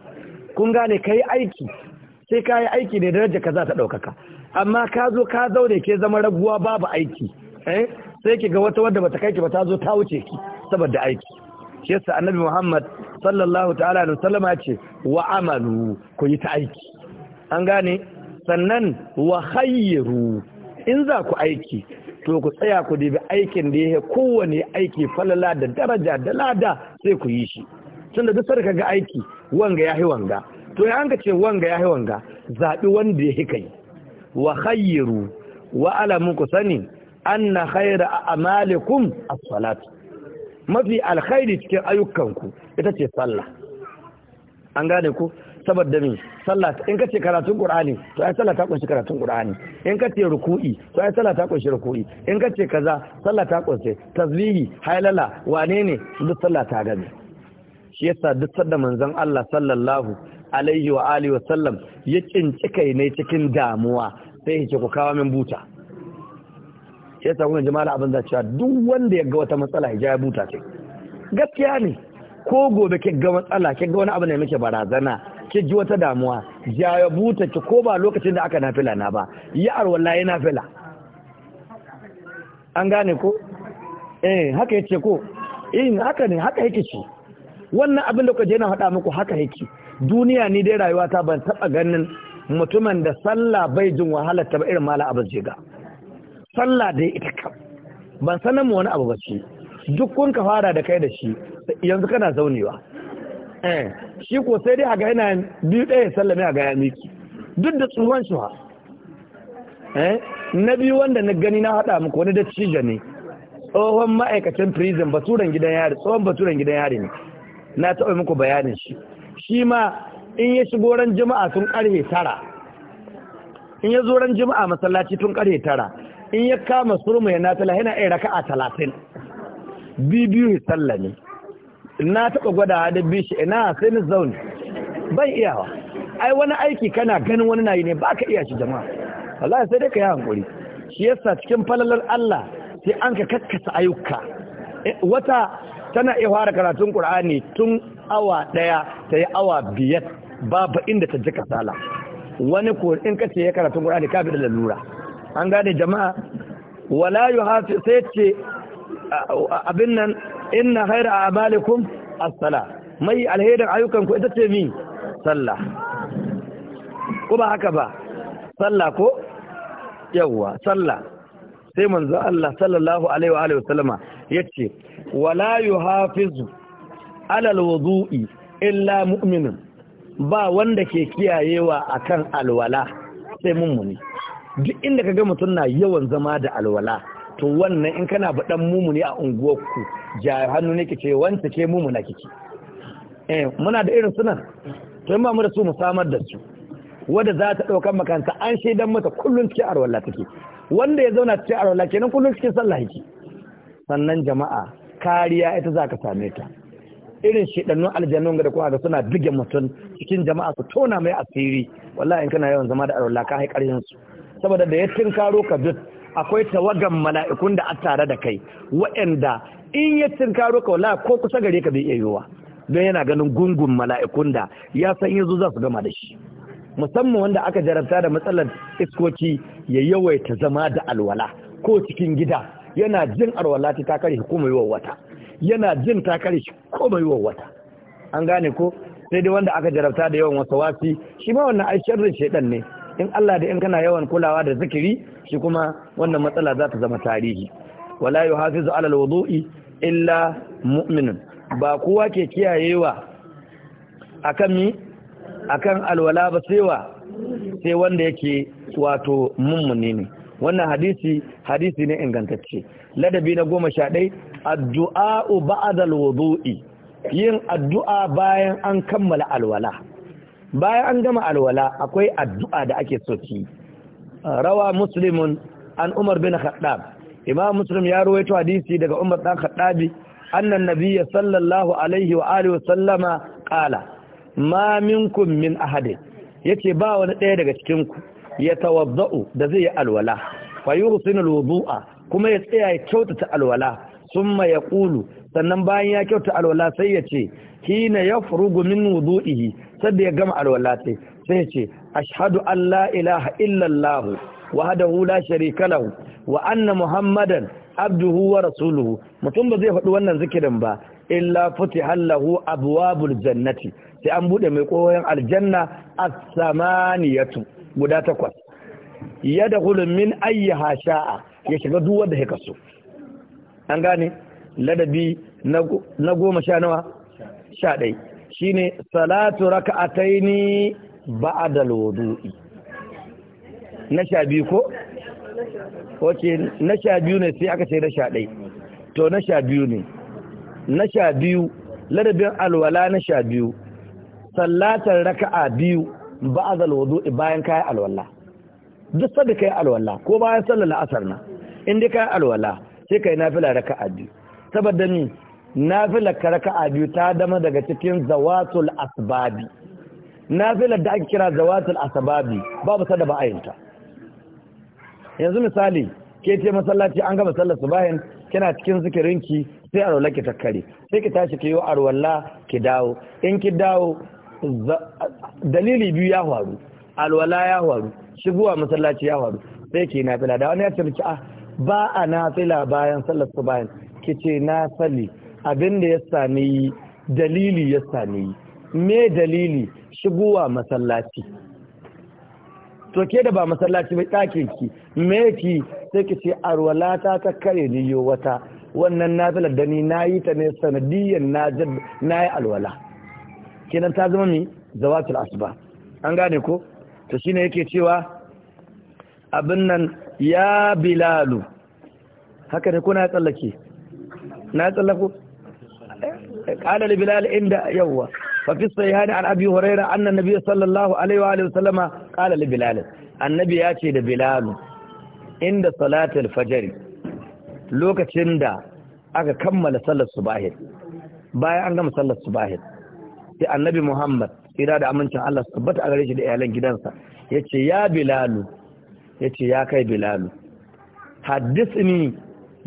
kun gane kai aiki sai ka yi aiki ne daraja ka za ta daukaka amma ka zo ka zaune ke zama raguwa babu aiki eh? sai ki ga wata wadda bata kai ki ba ta zo ta wuce ki saboda aiki shi yasa annabi Muhammad sallallahu ta'ala alaihi wasallama ce wa amalu ku yi ta aiki an gane sannan wa hayyaru in za ku aiki to ku tsaya ku dibi aikin da ya kowane aiki falala da daraja da lada sai ku yi shi tunda duk sarka ga aiki wanga ya yi wanga to ya hanka ce wanga ya yi wanga zaɓi wanda ya yi kai wa khayyiru wa alamu ku sani anna khayra amalikum as-salat mafi alkhairi cikin ayyukanku ita ce sallah an gane ku saboda me sallah in kace karatun qur'ani to ai sallah ta kunshi karatun qur'ani in kace ruku'i to ai sallah ta kunshi ruku'i in kace kaza sallah ta kunshi tasbihi hailala wane ne duk sallah ta gani shi yasa duk sadda manzon Allah sallallahu alaihi wa alihi wa sallam ya kinci kai ne cikin damuwa sai ya ku kawo min buta shi yasa kuma jama'a abin da cewa duk wanda ya ga wata matsala ya ja buta ce gaskiya ne ko gobe ke ga matsala ke ga wani abu ne muke barazana ke ji wata damuwa ja ya buta ki ko ba lokacin da aka nafila na ba yi arwalla ya nafila an gane ko eh haka yake ko 'Eh haka ne haka yake shi wannan abin da kuka je na faɗa muku haka yake duniya ni dai rayuwa ta ban taɓa ganin mutumin da sallah bai jin wahala ta ba irin mala abin jiga sallah dai ita kam ban sanan mu wani abu ba shi. duk kun ka fara da kai da shi yanzu kana zaunewa eh shi ko sai dai a ga yana biyu ɗaya sallame a ga ya miki duk da tsohon shi ha eh na biyu wanda na gani na haɗa muku wani dattijo ne tsohon ma'aikacin prison baturen gidan yari tsohon baturen gidan yari ne na taɓa muku bayanin shi shi ma in ya shigo ran juma'a sun ƙarfe tara in ya zo ran masallaci tun ƙarfe tara in ya kama surmu ya natala yana iya raka'a talatin bibiyu ya sallame na taɓa gwada da bishi ina sai ni zaune ban iyawa ai wani aiki kana ganin wani nayi ne ba ka iya shi jama'a wallahi sai dai ka yi hankuri shi yasa cikin falalar Allah sai an ka kakkasa ayyuka e, wata tana iya fara karatun Qur'ani tun awa daya ta yi awa biyar babu inda ta ji kasala wani ko in kace ya karatun Qur'ani ka bi da lalura an gane jama'a wala yuhafi sai ce abin nan inna khayra a'malikum as-salah mai alherin ayyukanku ita ce mi sallah ko ba haka ba sallah ko yawwa sallah sai manzo Allah sallallahu alaihi wa alihi wasallama yace wala yuhafizu ala alwudu'i illa mu'minun ba wanda ke kiyayewa akan alwala sai mummuni duk inda kaga mutun na yawan zama da alwala to wannan in kana baɗan mumuni a unguwarku ja hannu ne kike wanda ke mumuna kike eh muna da irin sunan to in mu da su mu samar da su wanda za ta ɗaukar makanta an shaidan mata kullum cikin arwalla take wanda ya zauna cikin arwalla kenan kullum cikin sallah yake sannan jama'a kariya ita za ka same ta irin shaidannun aljannun da kuma ga suna bige mutum cikin jama'a su tona mai asiri wallahi in kana yawan zama da arwalla ka haikarin su saboda da ya tinkaro ka duk akwai tawagan mala'ikun da a tare da kai waɗanda in ya tinkaro ka wala ko kusa gare ka bai iya don yana ganin gungun mala'ikun da ya san yanzu za su gama da shi musamman wanda aka jarabta da matsalar iskoci ya yawaita zama da alwala ko cikin gida yana jin alwala ta takar shi kuma yiwa wata yana jin takar shi kuma yiwa wata an gane ko sai dai wanda aka jarabta da yawan wasa wasi, shi ma wannan ai sharrin shaidan ne in Allah da in kana yawan kulawa da zikiri shi kuma wannan matsala za ta zama tarihi wala yuhafizu ala alwudu'i illa mu'minun ba kowa ke kiyayewa akan mi akan alwala ba sai wa sai wanda yake wato mummuni ne wannan hadisi hadisi ne ingantacce ladabi na goma sha ɗai addu'a ba'da alwudu'i yin addu'a bayan an kammala alwala bayan an gama alwala akwai addu'a da ake soki. ki rawa muslimun an umar bin khattab imam muslim ya rawaito hadisi daga umar dan khattabi annan Nabiya sallallahu alaihi wa alihi wa sallama kala ma minkum min ahadin yace ba wani ɗaya daga cikin ku ya tawaddu da zai yi alwala fa yuhsinu alwudu'a kuma ya tsaya ya kyautata alwala summa yaqulu sannan bayan ya kyauta alwala sai ya ce hina yafrugu min wudu'ihi da ya gama alwala sai ya ce ashhadu an la ilaha illallah wahdahu la sharika lahu wa anna muhammadan abduhu wa rasuluhu mutum ba zai faɗi wannan zikirin ba illa futiha lahu abwabul jannati sai an buɗe mai koyon aljanna as-samaniyatu guda takwas da min ayyiha sha'a ya shiga duk wanda yake so an gane ladabi na goma sha nawa sha ɗaya shine salatu raka'ataini ba'da alwudu'i na sha biyu ko wace na sha biyu ne sai aka ce na sha ɗai to na sha biyu ne na sha biyu ladabin alwala na sha biyu sallatar raka'a biyu ba'dal wudu'i bayan kai alwala duk sanda kai alwala ko bayan sallar asar na in dai kai alwala sai kai nafila raka'a biyu saboda ni nafilar a biyu ta dama daga cikin zawatul asbabi nafilar da ake kira zawatul asbabi babu sada ba ayinta yanzu misali ke ce masallaci an gama sallar subahin kina cikin zikirinki sai a rola ki takkare sai ki tashi ki yi arwalla ki dawo in ki dawo dalili biyu ya faru alwala ya faru shigowa masallaci ya faru sai ki nafila da wani ya ce ah ba a nafila bayan sallar subahin ki ce na sali abin da ya sami dalili ya sami me dalili shigowa masallaci to ke da ba masallaci bai ɗakin ki me ki sai ki ce arwalata ta kare ni yo wata wannan na da ni na yi ta ne sanadiyyar na yi alwala kenan ta zama mi zawatul asuba an gane ko to shine yake cewa abin nan ya bilalu haka ne ko na tsallake na tsallako قال لبلال عند يوه ففي الصحيحين عن ابي هريره ان النبي صلى الله عليه واله وسلم قال لبلال النبي ياتي لبلال عند صلاه الفجر lokacin da aka kammala sallar subahi bayan an gama sallar subahi sai annabi Muhammad tsira da amincin Allah sabbata a gare shi da iyalan gidansa yace ya bilalu yace ya kai bilalu haddithni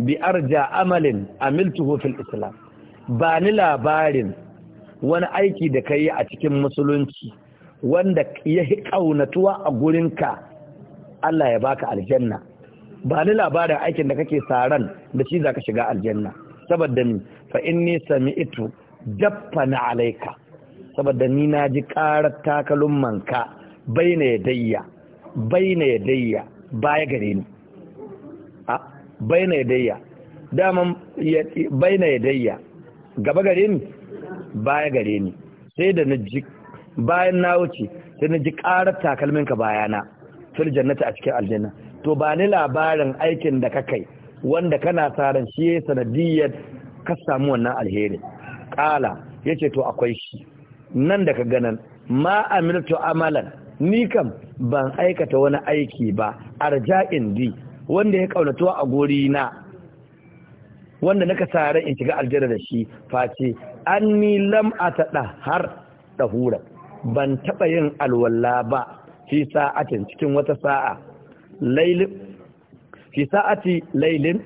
bi arja amalin amiltuhu fil islam ba ni labarin wani aiki da ka yi a cikin musulunci wanda ya yi ƙaunatuwa a gurinka Allah ya baka aljanna ba ni labarin aikin da kake saran da shi za ka shiga aljanna saboda ni fa inni sami'tu jaffana alaika saboda ni na ji ƙarar takalin manka baina na dayya. bai na dayya, baya gare ni a bai na yadayya daman bai na yadayya gaba gare ni baya gare ni sai da na ji bayan na wuce sai na ji karar takalmin ka bayana fil jannati a cikin aljanna to ba ni labarin aikin da ka kai wanda kana tsaron shi sanadiyyar ka samu wannan alheri kala yace to akwai shi nan da ka ganan ma amiltu amalan ni kam ban aikata wani aiki ba arja'in indi. wanda ya kaunatuwa a gori na wanda naka tare in shiga aljanna da shi face anni lam atada har dahura ban taɓa yin alwala ba fi sa'atin cikin wata sa'a lailin fi sa'ati lailin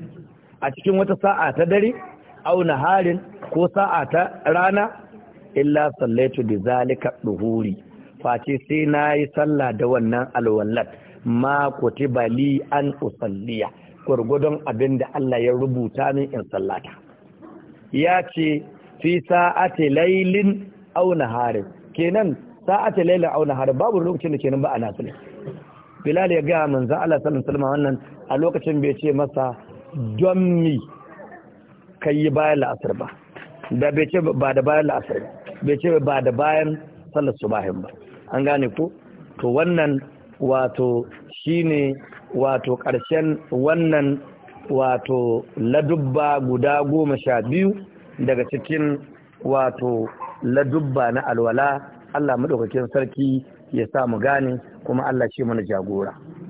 a cikin wata sa'a ta dare auna naharin ko sa'a ta rana illa sallaitu bi zalika duhuri face sai nayi sallah da wannan alwalat ma kutiba an usalliya gwargwadon abin da Allah ya rubuta min in sallata ya ce fi sa'ati lailin aw naharin kenan sa'ati lailin aw naharin babu lokacin da kenan ba a nafila Bilal ya ga manzo Allah sallallahu alaihi wasallam wannan a lokacin bai ce masa don mi kai bayan la'asar ba da bai ce ba da bayan la'asar bai ce ba da bayan sallar subahin ba an gane ko to wannan wato shine wato ƙarshen wannan wato ladubba guda goma sha biyu daga cikin wato ladubba na alwala Allah maɗaukakin sarki ya sa mu gane kuma Allah shi mana jagora